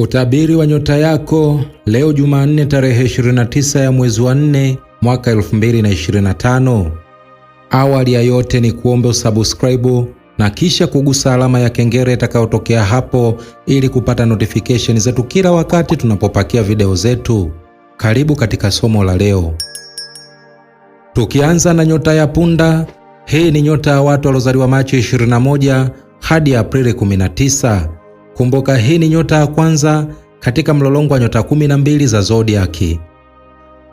Utabiri wa nyota yako leo Jumanne tarehe 29 ya mwezi wa 4 mwaka 2025. Awali ya yote ni kuombe usubscribe na kisha kugusa alama ya kengele itakayotokea hapo ili kupata notification zetu kila wakati tunapopakia video zetu. Karibu katika somo la leo. Tukianza na nyota ya punda, hii ni nyota ya watu waliozaliwa Machi 21 hadi Aprili 19. Kumbuka hii ni nyota ya kwanza katika mlolongo wa nyota 12 za zodiaki.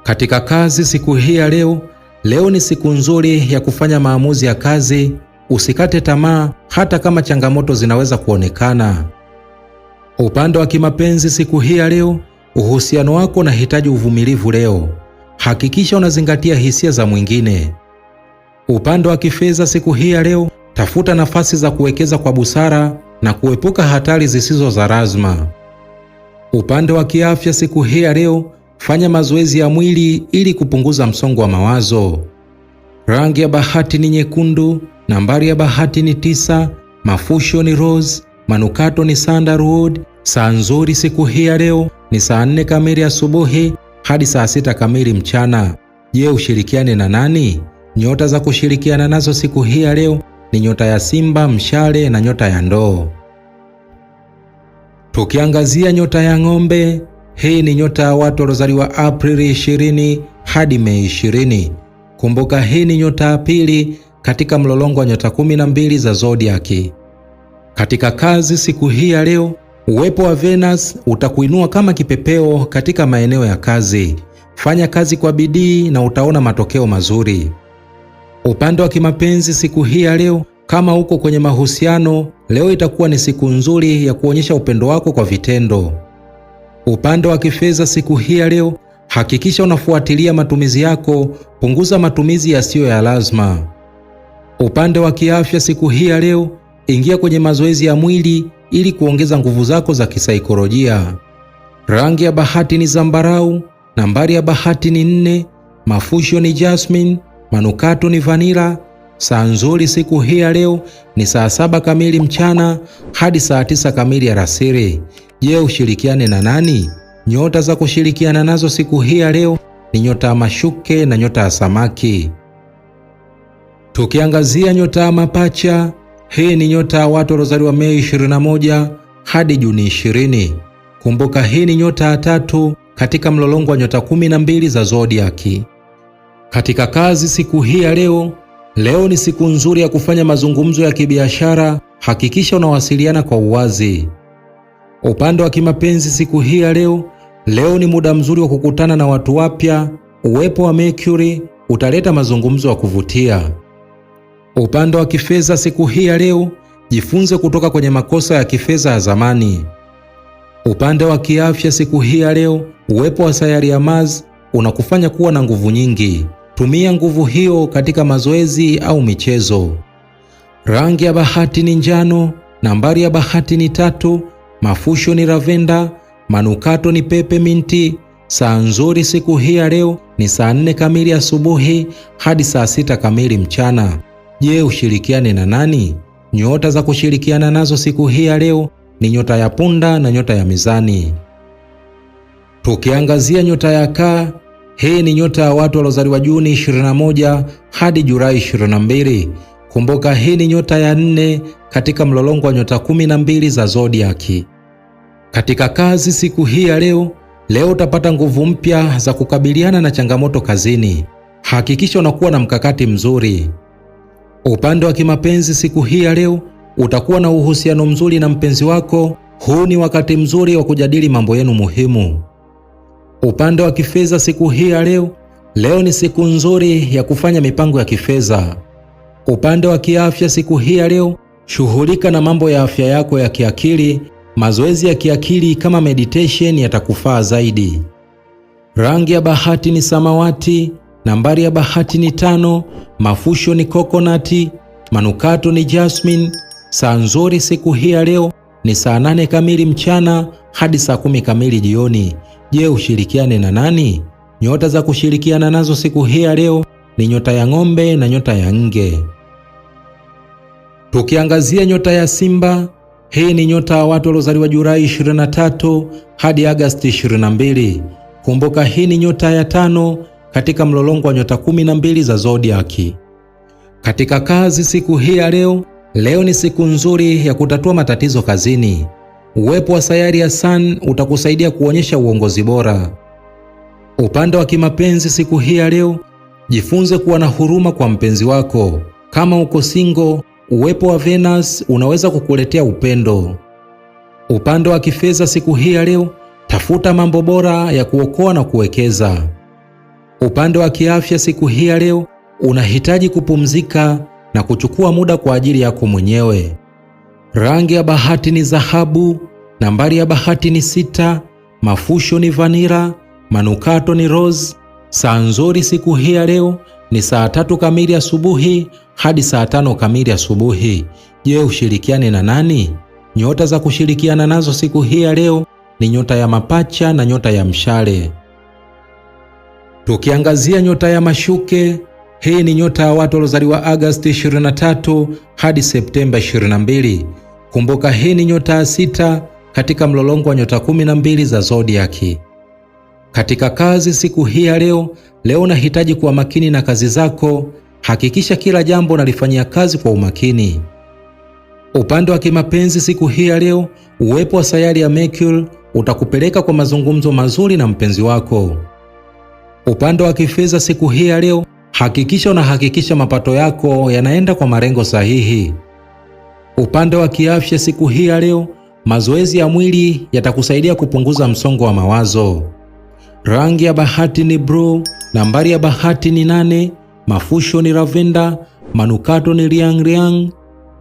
Katika kazi siku hii ya leo, leo ni siku nzuri ya kufanya maamuzi ya kazi. Usikate tamaa hata kama changamoto zinaweza kuonekana. Upande wa kimapenzi siku hii ya leo, uhusiano wako unahitaji uvumilivu leo. Hakikisha unazingatia hisia za mwingine. Upande wa kifedha siku hii ya leo, tafuta nafasi za kuwekeza kwa busara na kuepuka hatari zisizo za lazima. Upande wa kiafya, siku hii ya leo, fanya mazoezi ya mwili ili kupunguza msongo wa mawazo. Rangi ya bahati ni nyekundu, nambari ya bahati ni tisa, mafusho ni rose, manukato ni sandalwood. Saa nzuri siku hii ya leo ni saa nne kamili asubuhi hadi saa sita kamili mchana. Je, ushirikiane na nani? Nyota za kushirikiana nazo siku hii ya leo ni nyota ya Simba, mshale na nyota ya ndoo. Tukiangazia nyota ya ng'ombe, hii ni nyota ya watu waliozaliwa Aprili 20 hadi Mei 20. Kumbuka hii ni nyota ya pili katika mlolongo wa nyota 12 za zodiaki. Katika kazi siku hii ya leo, uwepo wa Venus utakuinua kama kipepeo katika maeneo ya kazi. Fanya kazi kwa bidii na utaona matokeo mazuri. Upande wa kimapenzi siku hii ya leo, kama uko kwenye mahusiano, leo itakuwa ni siku nzuri ya kuonyesha upendo wako kwa vitendo. Upande wa kifedha siku hii ya leo, hakikisha unafuatilia matumizi yako, punguza matumizi yasiyo ya lazima. Upande wa kiafya siku hii ya leo, ingia kwenye mazoezi ya mwili ili kuongeza nguvu zako za kisaikolojia. Rangi ya bahati ni zambarau, nambari ya bahati ni nne, mafusho ni jasmine, Manukato ni vanila. Saa nzuri siku hii ya leo ni saa saba kamili mchana hadi saa tisa kamili alasiri. Je, ushirikiane na nani? Nyota za kushirikiana nazo siku hii ya leo ni nyota ya mashuke na nyota ya samaki. Tukiangazia nyota ya mapacha, hii ni nyota ya watu waliozaliwa Mei 21 hadi Juni 20. Kumbuka hii ni nyota ya tatu katika mlolongo wa nyota 12 za zodiaki katika kazi siku hii ya leo. Leo ni siku nzuri ya kufanya mazungumzo ya kibiashara, hakikisha unawasiliana kwa uwazi. Upande wa kimapenzi siku hii ya leo, leo ni muda mzuri wa kukutana na watu wapya. Uwepo wa Mercury utaleta mazungumzo ya kuvutia. Upande wa kifedha siku hii ya leo, jifunze kutoka kwenye makosa ya kifedha ya zamani. Upande wa kiafya siku hii ya leo, uwepo wa sayari ya Mars unakufanya kuwa na nguvu nyingi. Tumia nguvu hiyo katika mazoezi au michezo. Rangi ya bahati ni njano, nambari ya bahati ni tatu, mafusho ni ravenda, manukato ni pepe minti. Saa nzuri siku hii ya leo ni saa nne kamili asubuhi hadi saa sita kamili mchana. Je, ushirikiane na nani? Nyota za kushirikiana nazo siku hii ya leo ni nyota ya punda na nyota ya mizani. Tukiangazia nyota ya kaa, hii ni nyota ya watu waliozaliwa Juni 21 hadi Julai 22. Kumbuka, hii ni nyota ya nne katika mlolongo wa nyota 12 za zodiaki. Katika kazi siku hii ya leo, leo utapata nguvu mpya za kukabiliana na changamoto kazini. Hakikisha unakuwa na mkakati mzuri. Upande wa kimapenzi siku hii ya leo, utakuwa na uhusiano mzuri na mpenzi wako. Huu ni wakati mzuri wa kujadili mambo yenu muhimu. Upande wa kifedha siku hii ya leo, leo ni siku nzuri ya kufanya mipango ya kifedha. Upande wa kiafya siku hii ya leo, shughulika na mambo ya afya yako ya kiakili. Mazoezi ya kiakili kama meditation yatakufaa zaidi. Rangi ya bahati ni samawati, nambari ya bahati ni tano, mafusho ni kokonati, manukato ni jasmine. Saa nzuri siku hii ya leo ni saa nane kamili mchana hadi saa kumi kamili jioni. Je, ushirikiane na nani? Nyota za kushirikiana nazo siku hii ya leo ni nyota ya ng'ombe na nyota ya nge. Tukiangazia nyota ya Simba, hii ni nyota ya watu waliozaliwa Julai 23 hadi Agasti 22. Kumbuka, hii ni nyota ya tano katika mlolongo wa nyota 12 za zodiaki. Katika kazi siku hii ya leo, leo ni siku nzuri ya kutatua matatizo kazini. Uwepo wa sayari ya Sun utakusaidia kuonyesha uongozi bora. Upande wa kimapenzi siku hii ya leo, jifunze kuwa na huruma kwa mpenzi wako. Kama uko single, uwepo wa Venus unaweza kukuletea upendo. Upande wa kifedha siku hii ya leo, tafuta mambo bora ya kuokoa na kuwekeza. Upande wa kiafya siku hii ya leo, unahitaji kupumzika na kuchukua muda kwa ajili yako mwenyewe. Rangi ya bahati ni dhahabu, nambari ya bahati ni sita, mafusho ni vanira, manukato ni rose. Saa nzuri siku hii ya leo ni saa tatu kamili asubuhi hadi saa tano kamili asubuhi. Je, ushirikiane na nani? Nyota za kushirikiana nazo siku hii ya leo ni nyota ya mapacha na nyota ya mshale. Tukiangazia nyota ya mashuke, hii ni nyota ya watu waliozaliwa Agosti 23 hadi Septemba 22. Kumbuka hii ni nyota ya sita katika mlolongo wa nyota kumi na mbili za zodiaki. Katika kazi siku hii ya leo, leo unahitaji kuwa makini na kazi zako. Hakikisha kila jambo unalifanyia kazi kwa umakini. Upande wa kimapenzi siku hii ya leo, uwepo wa sayari ya Mercury utakupeleka kwa mazungumzo mazuri na mpenzi wako. Upande wa kifedha siku hii ya leo, hakikisha unahakikisha mapato yako yanaenda kwa malengo sahihi. Upande wa kiafya siku hii ya leo, mazoezi ya mwili yatakusaidia kupunguza msongo wa mawazo. Rangi ya bahati ni blue, nambari ya bahati ni nane, mafusho ni ravenda manukato ni riang riang.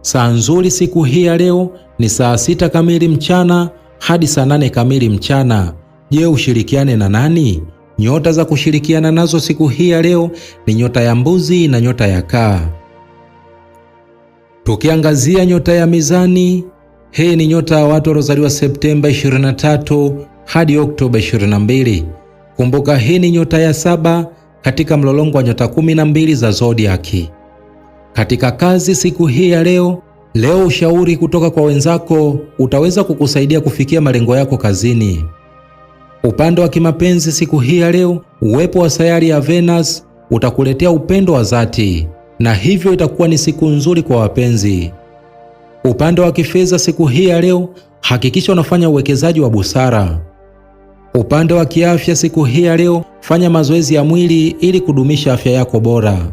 Saa nzuri siku hii ya leo ni saa sita kamili mchana hadi saa nane kamili mchana. Je, ushirikiane na nani? Nyota za kushirikiana nazo siku hii ya leo ni nyota ya mbuzi na nyota ya kaa. Tukiangazia nyota ya mizani, hii ni nyota ya watu waliozaliwa Septemba 23 hadi Oktoba 22. Kumbuka hii ni nyota ya saba katika mlolongo wa nyota 12 za zodiaki. Katika kazi siku hii ya leo, leo ushauri kutoka kwa wenzako utaweza kukusaidia kufikia malengo yako kazini. Upande wa kimapenzi siku hii ya leo, uwepo wa sayari ya Venus utakuletea upendo wa dhati na hivyo itakuwa ni siku nzuri kwa wapenzi. Upande wa kifedha siku hii ya leo, hakikisha unafanya uwekezaji wa busara. Upande wa kiafya siku hii ya leo, fanya mazoezi ya mwili ili kudumisha afya yako bora.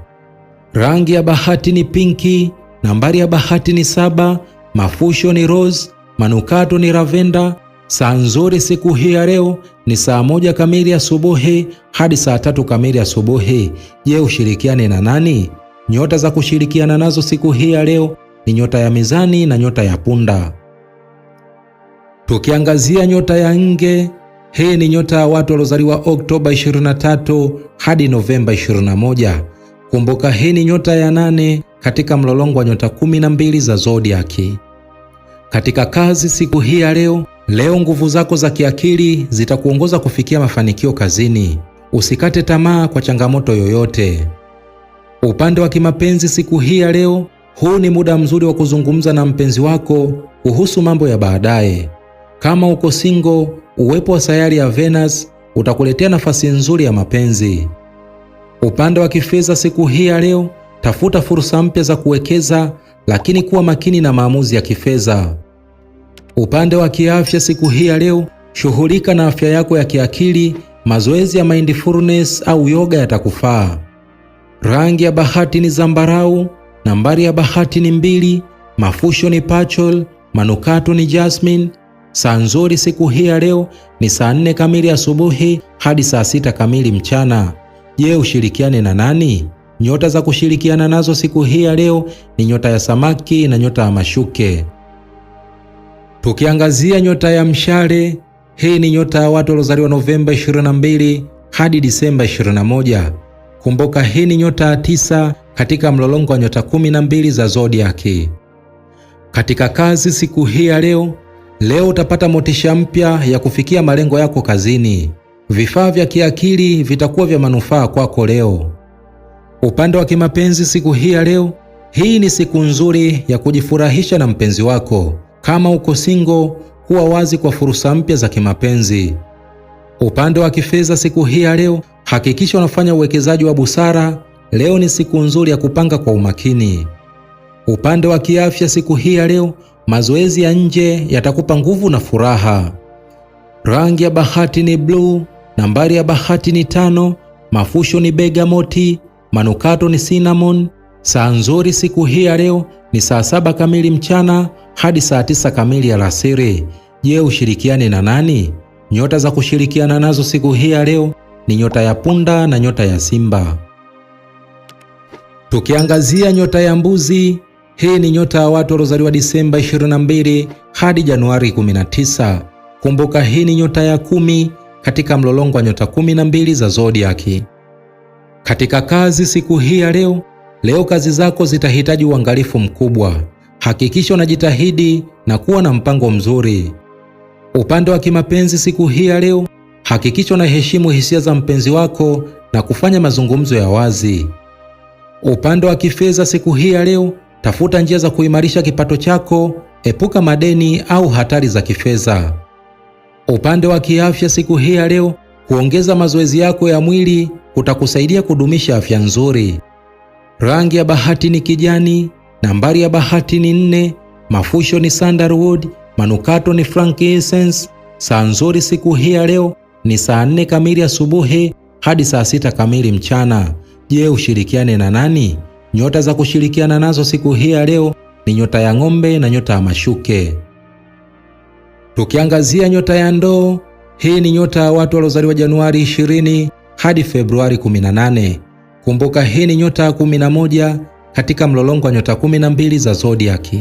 Rangi ya bahati ni pinki, nambari ya bahati ni saba, mafusho ni rose, manukato ni lavenda. Saa nzuri siku hii ya leo ni saa moja kamili asubuhi hadi saa tatu kamili asubuhi. Je, ushirikiane na nani? Nyota za kushirikiana nazo siku hii ya leo ni nyota ya mizani na nyota ya punda. Tukiangazia nyota ya nge, hii ni nyota ya watu waliozaliwa Oktoba 23 hadi Novemba 21. Kumbuka hii ni nyota ya nane katika mlolongo wa nyota 12 za zodiaki. Katika kazi siku hii ya leo, leo nguvu zako za kiakili zitakuongoza kufikia mafanikio kazini. Usikate tamaa kwa changamoto yoyote. Upande wa kimapenzi siku hii ya leo, huu ni muda mzuri wa kuzungumza na mpenzi wako kuhusu mambo ya baadaye. Kama uko single, uwepo wa sayari ya Venus utakuletea nafasi nzuri ya mapenzi. Upande wa kifedha siku hii ya leo, tafuta fursa mpya za kuwekeza, lakini kuwa makini na maamuzi ya kifedha. Upande wa kiafya siku hii ya leo, shughulika na afya yako ya kiakili. Mazoezi ya mindfulness au yoga yatakufaa rangi ya bahati ni zambarau, nambari ya bahati ni mbili, mafusho ni pachol, manukato ni jasmine. Saa nzuri siku hii ya leo ni saa nne kamili asubuhi hadi saa sita kamili mchana. Je, ushirikiane na nani? Nyota za kushirikiana nazo siku hii ya leo ni nyota ya samaki na nyota ya mashuke. Tukiangazia nyota ya mshale, hii ni nyota ya watu waliozaliwa Novemba 22 hadi Disemba 21. Kumbuka hii ni nyota tisa katika mlolongo wa nyota kumi na mbili za zodiaki. Katika kazi siku hii ya leo, leo utapata motisha mpya ya kufikia malengo yako kazini. Vifaa vya kiakili vitakuwa vya manufaa kwako leo. Upande wa kimapenzi siku hii ya leo, hii ni siku nzuri ya kujifurahisha na mpenzi wako. Kama uko singo, kuwa wazi kwa fursa mpya za kimapenzi. Upande wa kifedha siku hii ya leo, Hakikisha unafanya uwekezaji wa busara. Leo ni siku nzuri ya kupanga kwa umakini. Upande wa kiafya, siku hii ya leo, mazoezi ya nje yatakupa nguvu na furaha. Rangi ya bahati ni bluu, nambari ya bahati ni tano, mafusho ni begamoti, manukato ni cinnamon. Saa nzuri siku hii ya leo ni saa saba kamili mchana hadi saa tisa kamili alasiri. Je, ushirikiane na nani? Nyota za kushirikiana nazo siku hii ya leo ni nyota ya punda na nyota ya simba. Tukiangazia nyota ya mbuzi, hii ni nyota ya watu waliozaliwa Disemba 22 hadi Januari 19. Kumbuka hii ni nyota ya kumi katika mlolongo wa nyota 12 za zodiaki. Katika kazi siku hii ya leo, leo kazi zako zitahitaji uangalifu mkubwa. Hakikisha unajitahidi na kuwa na mpango mzuri. Upande wa kimapenzi siku hii ya leo, hakikisha unaheshimu hisia za mpenzi wako na kufanya mazungumzo ya wazi. Upande wa kifedha siku hii ya leo, tafuta njia za kuimarisha kipato chako, epuka madeni au hatari za kifedha. Upande wa kiafya siku hii ya leo, kuongeza mazoezi yako ya mwili kutakusaidia kudumisha afya nzuri. Rangi ya bahati ni kijani, nambari ya bahati ni nne, mafusho ni sandalwood, manukato ni frankincense. Saa nzuri siku hii ya leo ni saa nne kamili asubuhi hadi saa sita kamili mchana. Je, ushirikiane na nani? Nyota za kushirikiana nazo siku hii ya leo ni nyota ya ng'ombe na nyota ya mashuke. Tukiangazia nyota ya ndoo, hii ni nyota ya watu waliozaliwa Januari 20 hadi Februari 18. Kumbuka hii ni nyota ya 11 katika mlolongo wa nyota 12 za zodiaki.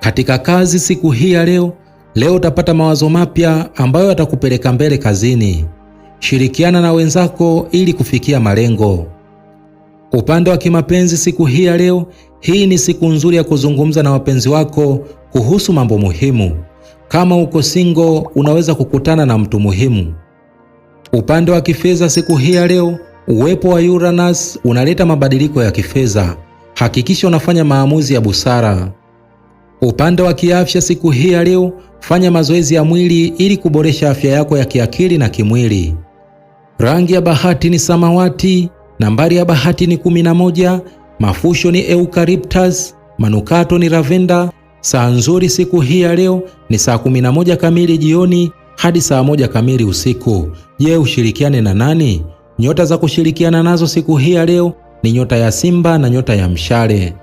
Katika kazi siku hii ya leo Leo utapata mawazo mapya ambayo yatakupeleka mbele kazini. Shirikiana na wenzako ili kufikia malengo. Upande wa kimapenzi siku hii ya leo, hii ni siku nzuri ya kuzungumza na wapenzi wako kuhusu mambo muhimu. Kama uko single, unaweza kukutana na mtu muhimu. Upande wa kifedha siku hii ya leo, uwepo wa Uranus unaleta mabadiliko ya kifedha. Hakikisha unafanya maamuzi ya busara. Upande wa kiafya siku hii ya leo, fanya mazoezi ya mwili ili kuboresha afya yako ya kiakili na kimwili. Rangi ya bahati ni samawati, nambari ya bahati ni 11, mafusho ni eucalyptus, manukato ni lavenda. Saa nzuri siku hii ya leo ni saa 11 kamili jioni hadi saa moja kamili usiku. Je, ushirikiane na nani? Nyota za kushirikiana nazo siku hii ya leo ni nyota ya Simba na nyota ya Mshale.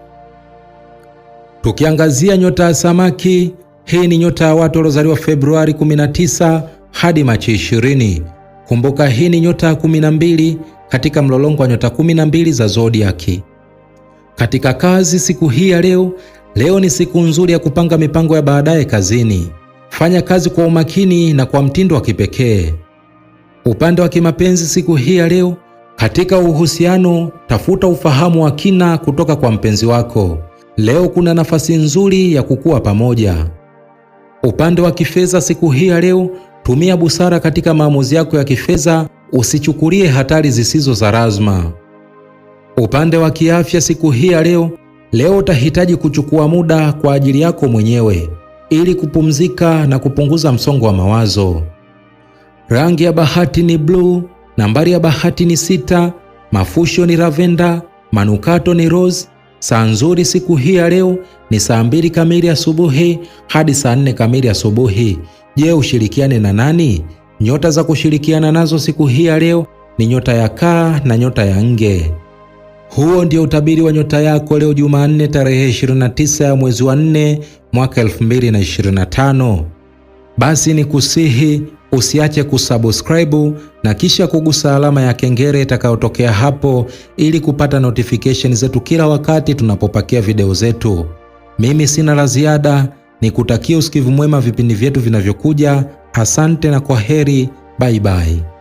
Tukiangazia nyota ya samaki, hii ni nyota ya watu waliozaliwa Februari 19 hadi Machi 20. Kumbuka hii ni nyota ya 12 katika mlolongo wa nyota 12 za zodiaki. Katika kazi siku hii ya leo, leo ni siku nzuri ya kupanga mipango ya baadaye kazini. Fanya kazi kwa umakini na kwa mtindo wa kipekee. Upande wa kimapenzi siku hii ya leo, katika uhusiano, tafuta ufahamu wa kina kutoka kwa mpenzi wako. Leo kuna nafasi nzuri ya kukua pamoja. Upande wa kifedha siku hii ya leo, tumia busara katika maamuzi yako ya kifedha, usichukulie hatari zisizo za lazima. Upande wa kiafya siku hii ya leo, leo utahitaji kuchukua muda kwa ajili yako mwenyewe ili kupumzika na kupunguza msongo wa mawazo. Rangi ya bahati ni bluu, nambari ya bahati ni sita, mafusho ni lavenda, manukato ni rose, Saa nzuri siku hii ya leo ni saa mbili kamili asubuhi hadi saa nne kamili asubuhi. Je, ushirikiane na nani? Nyota za kushirikiana nazo siku hii ya leo ni nyota ya kaa na nyota ya nge. Huo ndio utabiri wa nyota yako leo Jumanne tarehe 29 ya mwezi wa 4 mwaka 2025. Basi ni kusihi Usiache kusubscribe na kisha kugusa alama ya kengele itakayotokea hapo ili kupata notification zetu kila wakati tunapopakia video zetu. Mimi sina la ziada, nikutakia usikivu mwema vipindi vyetu vinavyokuja. Asante na kwa heri, bye bye.